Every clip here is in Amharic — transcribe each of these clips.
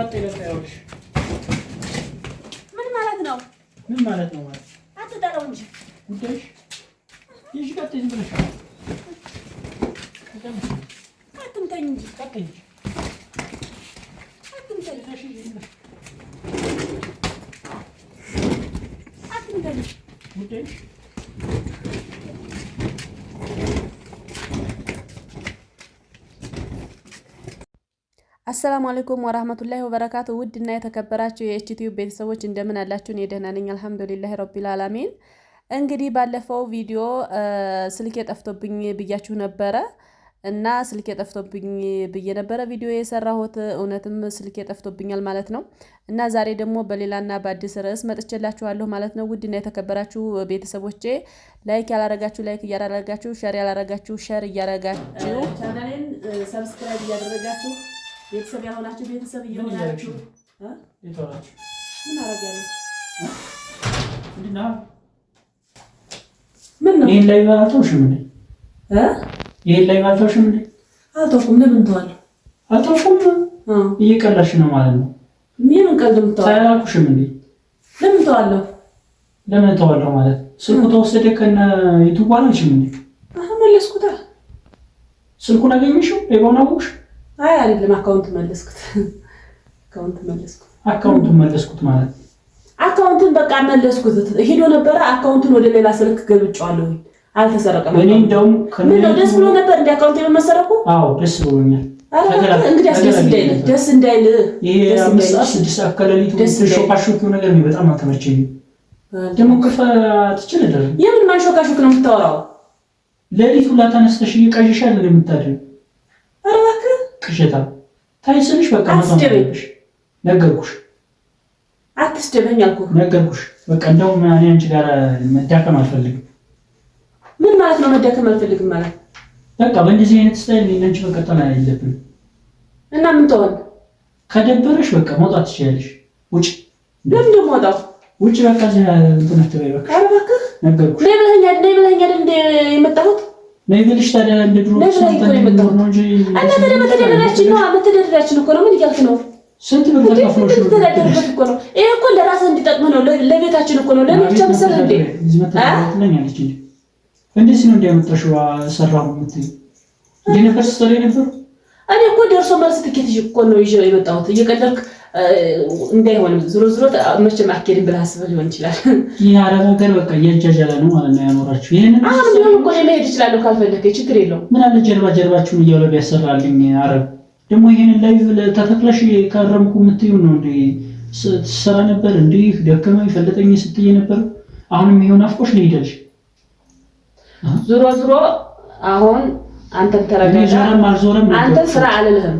está a ter até hoje. Mas não malado é não. Mas malado não é. Ah, tu está longe. O tens? E os gatos não branco? Ah, tu não tens. Está quente. Ah, tu não tens. Ah, tu não tens. Ah, o tens? አሰላሙ አለይኩም ወራህመቱላሂ ወበረካቱ እና የተከበራችሁ የኤችቲዩ ቤተሰቦች እንደምን አላችሁ? እኔ ደህና ነኝ፣ አልሐምዱሊላህ ረቢል አላሚን። እንግዲህ ባለፈው ቪዲዮ ስልኬ ጠፍቶብኝ ብያችሁ ነበረ እና ስልኬ ጠፍቶብኝ ብዬ ነበረ ቪዲዮ የሰራሁት እውነትም ስልኬ ጠፍቶብኛል ማለት ነው። እና ዛሬ ደግሞ በሌላና በአዲስ ርዕስ መጥቼላችኋለሁ ማለት ነው። ውድና የተከበራችሁ ቤተሰቦቼ ላይክ ያላረጋችሁ ላይክ እያላረጋችሁ፣ ሸር ያላረጋችሁ ሸር እያረጋችሁ፣ ቻናሌን ሰብስክራይብ እያደረጋችሁ ቤተሰብ ያሆናችሁ ቤተሰብ እየሆናችሁ ምን አረጋለሁ? ምን ነው ይሄን ላይ አልተውሽም እየቀላሽ ነው ማለት ነው። ምን ቀልድ የምታወራው? አላልኩሽም እንዴ? ለምን ተዋለሁ? ለምን ተዋለሁ ማለት ስልኩ ተወሰደ ከነ የትዋለሽም እንዴ? አሁን መለስኩታ። ስልኩን አገኘሽው? ሌባውን አወቅሽ? አይ አይደለም፣ አካውንት መለስኩት። አካውንት መለስኩት። አካውንቱን መለስኩት ማለት አካውንቱን በቃ መለስኩት። ሄዶ ነበረ። አካውንቱን ወደ ሌላ ስልክ ገልብጫዋለሁ። አልተሰረቀም። እኔ እንደውም ምነው ደስ ብሎ ነበር እንደ አካውንት የመሰረቁ? አዎ ደስ ብሎኛል። ደስ እንዳይል ነገር በጣም ደግሞ ነው የምታወራው? ሌሊቱ ላታነስተሽ እንደምታደርግ ቅዠታ ታይስልሽ በቃ አትስደበኝ። ነገርኩሽ፣ አትስደበኝ አልኩህ። ነገርኩሽ በቃ እንደውም እኔ አንቺ ጋር መዳከም አልፈልግም። ምን ማለት ነው መዳከም አልፈልግም ማለት? በቃ በእንደዚህ አይነት ስታይል እኔ እና አንቺ መቀጠል የለብንም። እና ምን ተሆነ? ከደበረሽ በቃ መውጣት ትችያለሽ። ውጭ ለምን ደግሞ ወጣሁ? ውጭ በቃ እዚህ እንትን አትበይ በቃ። ኧረ እባክህ ነገርኩሽ። እኔ ብለኸኝ እንደ የመጣሁት ነይበልሽ ታዲያ እንደ ድሮ ስንት ነው ነው እኮ ነው። ምን እያልክ ነው? ስንት ብር ተከፍሎሽ ነው? እኮ ነው። ይሄ እኮ ለራስህ እንዲጠቅም ነው፣ ለቤታችን እኮ ነው። ለምን ብቻ መሰለህ እንዴ? እንዴት ነው እንዲያመጣሽው ሰራሁ የምትይው? የነበር ስትሰሪ ነበር እኔ እኮ ደርሶ መልስ ትኬት ይዤ እኮ ነው ይዤ የመጣሁት። እየቀለድክ እንዳይሆንም ዝሮ ዝሮ መቼም አኬድን ብለህ አስበህ ሊሆን ይችላል። ይህ አረብ ሀገር በቃ እያጃጃለ ነው ማለት ነው ያኖራችሁ። ይህን አሁን እኮ መሄድ እችላለሁ ካልፈለገ ችግር የለው። ምን አለ ጀርባ ጀርባችሁን እያለ ያሰራልኝ አረብ ደግሞ ይህንን ላይ ተተክለሽ ካረምኩ የምትዩ ነው እንደ ትሰራ ነበር እንዲህ ደከመኝ ፈለጠኝ ስትይ ነበር። አሁንም ይሄው አፍቆሽ ነው ሄዳልሽ ዝሮ ዞሮ አሁን አንተን ተረጋጋ። አንተን ስራ አልልህም፣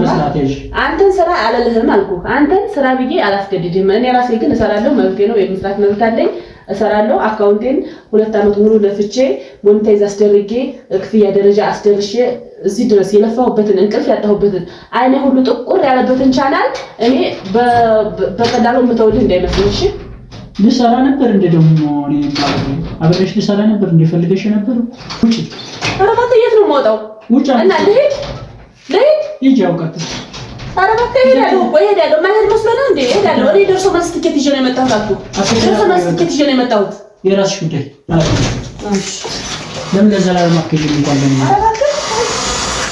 አንተን ስራ አልልህም አንተን ስራ አልልህም አልኩ አንተን ስራ ብዬ አላስገድድህም። እኔ ራሴ ግን እሰራለሁ፣ መብቴ ነው። የመስራት መብት አለኝ፣ እሰራለሁ። አካውንቴን ሁለት ዓመት ሙሉ ለፍቼ ሞኒታይዝ አስደርጌ ክፍያ ደረጃ አስደርሼ እዚህ ድረስ የለፋሁበትን እንቅልፍ ያጣሁበትን አይኔ ሁሉ ጥቁር ያለበትን ቻናል እኔ በቀላሉ የምተውልህ እንዳይመስል እሺ። ልሰራ ነበር እንደ ደግሞ እኔ አብረሽ ልሰራ ነበር እንደፈልገሽ ነበር ውጪ እባክህ የት ነው የምወጣው? እና ልሂድ ልሂድ። ሂጂ አውቃት። ኧረ እሄዳለሁ እኮ እሄዳለሁ። ማይሄድ መስሎህ እንዴ? እሄዳለሁ። እኔ ደርሶ መልስ ትኬት ይዤ ነው የመጣሁት። አትኩ ደርሶ መልስ ትኬት ይዤ ነው የመጣሁት። የራስሽ ጉዳይ። እሺ ለምን ለዘላለም አትሄጂም? እንኳን ለምን ኧረ እባክህ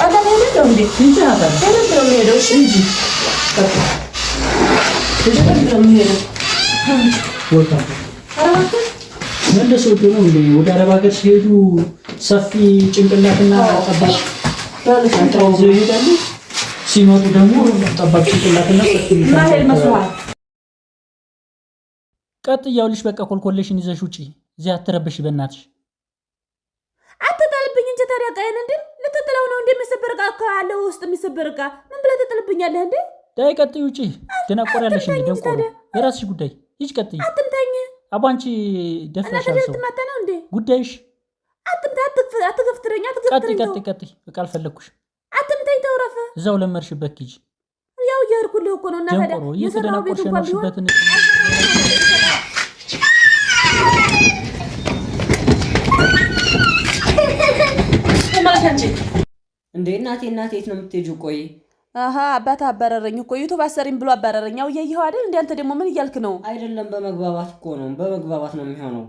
አንተ ሄደው እንዴ? ሂጂ አታለ ሄደው ሄደው። እሺ ሂጂ ወደ አረብ ሀገር ሲሄዱ ሰፊ ጭንቅላትና ጠባቅ ጠርጥረው ይዘው ይሄዳሉ። ሲመጡ ደግሞ ጠባቅ ጭንቅላትና ቀጥ እያውልሽ በቃ ኮልኮሌሽን ይዘሽ ውጪ። እዚህ አትረብሽ በእናትሽ። አትጣልብኝ እንጂ ታዲያ ዕቃዬን እንዴ ልትጥለው ነው? እንዴ? የሚሰበር ዕቃ አለ ውስጥ የሚሰበር ዕቃ ምን ብለህ ትጥልብኛለህ እንዴ? ዳይ ቀጥይ፣ ውጪ። ትነቆሪያለሽ እንዴ? ደንቆሮ። የራስሽ ጉዳይ። ሂጅ፣ ቀጥይ። አትምታኝ። አቧንቺ ደፍረሻል ሰው ጉዳይሽ አትገፍትረኝ፣ አትገፍትረኝ። ተውረፈ። እዛው ለመርሽበት ሂጂ። ያው እየሄድኩልህ እኮ ነው። እና እንዴ እናቴ እናቴ የት ነው የምትሄጂው? ቆይ አሀ አባት አባረረኝ እኮ ዩቱብ አሰሪም ብሎ አባረረኝ። ያው እያየኸው አይደል? እንደ አንተ ደግሞ ምን እያልክ ነው? አይደለም በመግባባት እኮ ነው፣ በመግባባት ነው የሚሆነው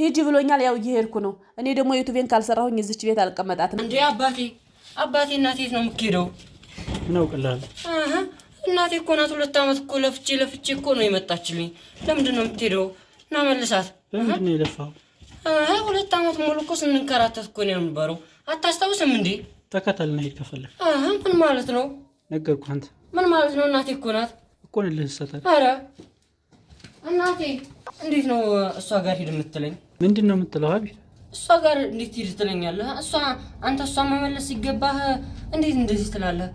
ሂጂ ብሎኛል። ያው እየሄድኩ ነው። እኔ ደግሞ ዩቱቤን ካልሰራሁኝ እዚች ቤት አልቀመጣትም። እንዴ አባቴ አባቴ እናቴ ነው የምትሄደው እናውቅላል። እናቴ እኮ ናት። ሁለት ዓመት እኮ ለፍቼ ለፍቼ እኮ ነው የመጣችልኝ። ለምንድን ነው የምትሄደው? እና መልሳት። ለምንድን ነው የለፋው? ሁለት ዓመት ሙሉ እኮ ስንንከራተት እኮ ነው የነበረው። አታስታውስም እንዴ? ተከተል ና ሄድ ከፈለግ። ምን ማለት ነው? ነገርኩህ። አንተ ምን ማለት ነው? እናቴ እኮ ናት እኮ ነው ልንሰታል። ኧረ እናቴ እንዴት ነው እሷ ጋር ሂድ የምትለኝ? ምንድን ነው የምትለው? ሀቢ እሷ ጋር እንዴት ሂድ ትለኛለህ? እሷ አንተ እሷ መመለስ ሲገባህ እንዴት እንደዚህ ትላለህ?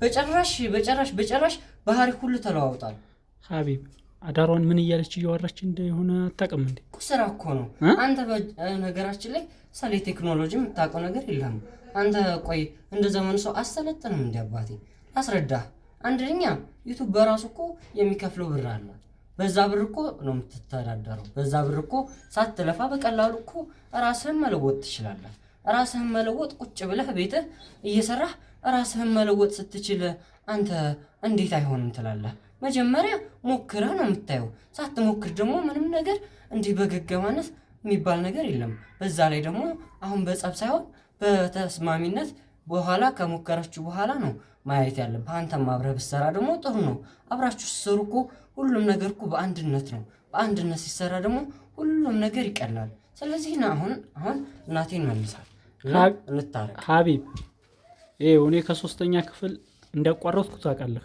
በጨራሽ በጨራሽ በጨራሽ ባህሪ ሁሉ ተለዋውጣል። ሀቢብ አዳሯን ምን እያለች እያወራች እንደሆነ አታውቅም እንዴ? ስራ እኮ ነው አንተ። በነገራችን ላይ ስለ ቴክኖሎጂ የምታውቀው ነገር የለም አንተ። ቆይ እንደ ዘመኑ ሰው አሰለጥንም እንዲ አባቴ አስረዳህ። አንደኛ ዩቱብ በራሱ እኮ የሚከፍለው ብር አለ በዛ ብር እኮ ነው የምትተዳደረው። በዛ ብር እኮ ሳትለፋ በቀላሉ እኮ ራስህን መለወጥ ትችላለህ። ራስህን መለወጥ ቁጭ ብለህ ቤትህ እየሰራህ ራስህን መለወጥ ስትችል አንተ እንዴት አይሆንም ትላለህ? መጀመሪያ ሞክረህ ነው የምታየው። ሳትሞክር ደግሞ ምንም ነገር እንዲህ በገገማነት የሚባል ነገር የለም። በዛ ላይ ደግሞ አሁን በጸብ ሳይሆን በተስማሚነት በኋላ ከሞከራችሁ በኋላ ነው ማየት ያለብህ። አንተም አብረህ ብትሰራ ደግሞ ጥሩ ነው። አብራችሁ ስሩ እኮ ሁሉም ነገር እኮ በአንድነት ነው። በአንድነት ሲሰራ ደግሞ ሁሉም ነገር ይቀላል። ስለዚህ ና አሁን አሁን እናቴን መልሳል እንታረቅ። ሀቢብ ይኸው እኔ ከሶስተኛ ክፍል እንዳቋረጥኩ ታውቃለህ።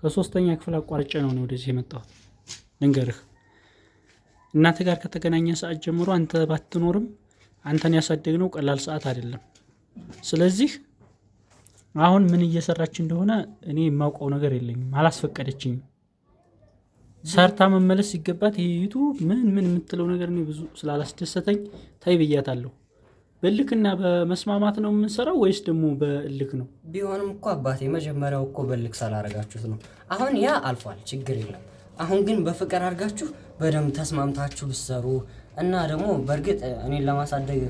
ከሶስተኛ ክፍል አቋርጬ ነው ነው ወደዚህ የመጣሁት። ልንገርህ እናተ ጋር ከተገናኘ ሰዓት ጀምሮ አንተ ባትኖርም አንተን ያሳደግነው ቀላል ሰዓት አይደለም። ስለዚህ አሁን ምን እየሰራች እንደሆነ እኔ የማውቀው ነገር የለኝም። አላስፈቀደችኝም። ሰርታ መመለስ ሲገባት ይቱ ምን ምን የምትለው ነገር እኔ ብዙ ስላላስደሰተኝ ታይ ብያታለሁ። በልክና በመስማማት ነው የምንሰራው ወይስ ደግሞ በእልክ ነው? ቢሆንም እኮ አባቴ መጀመሪያው እኮ በልክ ስላረጋችሁት ነው። አሁን ያ አልፏል፣ ችግር የለም። አሁን ግን በፍቅር አድርጋችሁ በደንብ ተስማምታችሁ ብትሰሩ እና ደግሞ በእርግጥ እኔን ለማሳደግ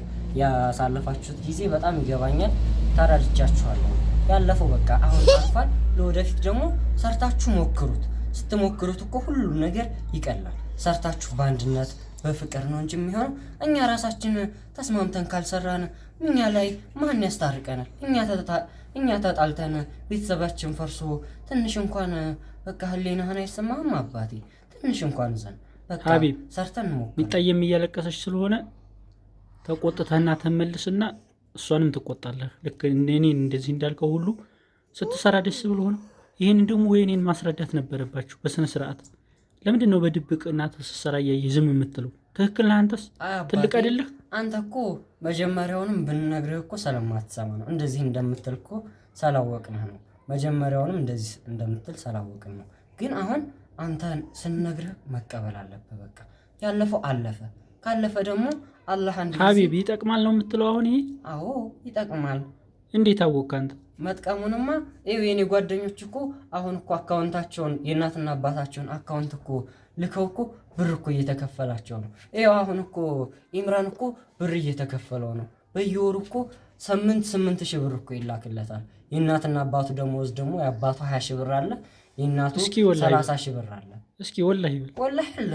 ያሳለፋችሁት ጊዜ በጣም ይገባኛል። ተረድቻችኋለሁ። ያለፈው በቃ አሁን አልፏል። ለወደፊት ደግሞ ሰርታችሁ ሞክሩት። ስትሞክሩት እኮ ሁሉ ነገር ይቀላል። ሰርታችሁ በአንድነት በፍቅር ነው እንጂ የሚሆነው እኛ ራሳችን ተስማምተን ካልሰራን እኛ ላይ ማን ያስታርቀናል? እኛ ተጣልተን ቤተሰባችን ፈርሶ ትንሽ እንኳን በቃ ህሌናህን አይሰማህም አባቴ? ትንሽ እንኳን ዘን ሰርተን ሞ ሚጠየም እያለቀሰች ስለሆነ ተቆጥተህና ተመልስና እሷንም ትቆጣለህ። ልክ እኔ እንደዚህ እንዳልከው ሁሉ ስትሰራ ደስ ብሎ ነው ይህን ደግሞ ወይኔን ማስረዳት ነበረባችሁ በስነ ስርዓት። ለምንድን ነው በድብቅ እናትህ ስትሰራ እያየህ ዝም የምትለው? ትክክል ነህ። አንተስ ትልቅ አይደለህ? አንተ እኮ መጀመሪያውንም ብንነግርህ እኮ ስለማትሰማ ነው እንደዚህ እንደምትል እኮ ሳላወቅንህ ነው። መጀመሪያውንም እንደዚህ እንደምትል ሳላወቅን ነው። ግን አሁን አንተን ስንነግርህ መቀበል አለብህ። በቃ ያለፈው አለፈ። ካለፈ ደግሞ አላህ አንድ ሀቢብ ይጠቅማል ነው የምትለው? አሁን ይሄ አዎ ይጠቅማል። እንዴት አወቅ አንተ? መጥቀሙንማ ይኸው የኔ ጓደኞች እኮ አሁን እኮ አካውንታቸውን የእናትና አባታቸውን አካውንት እኮ ልከው እኮ ብር እኮ እየተከፈላቸው ነው። ይኸው አሁን እኮ ኢምራን እኮ ብር እየተከፈለው ነው። በየወሩ እኮ ስምንት ስምንት ሺህ ብር እኮ ይላክለታል። የእናትና አባቱ ደሞዝ ደግሞ የአባቱ ሀያ ሺህ ብር አለ፣ የእናቱ ሰላሳ ሺህ ብር አለ። እስኪ ወላሂ ወላሂ አለ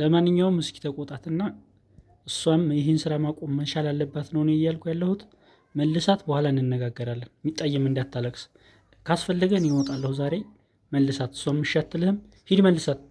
ለማንኛውም እስኪ ተቆጣትና እሷም ይህን ስራ ማቆም መቻል አለባት ነው እያልኩ ያለሁት። መልሳት በኋላ እንነጋገራለን። የሚጣይም እንዳታለቅስ ካስፈለገን ይወጣለሁ ዛሬ መልሳት። እሷም እሺ አትልህም፣ ሂድ መልሳት።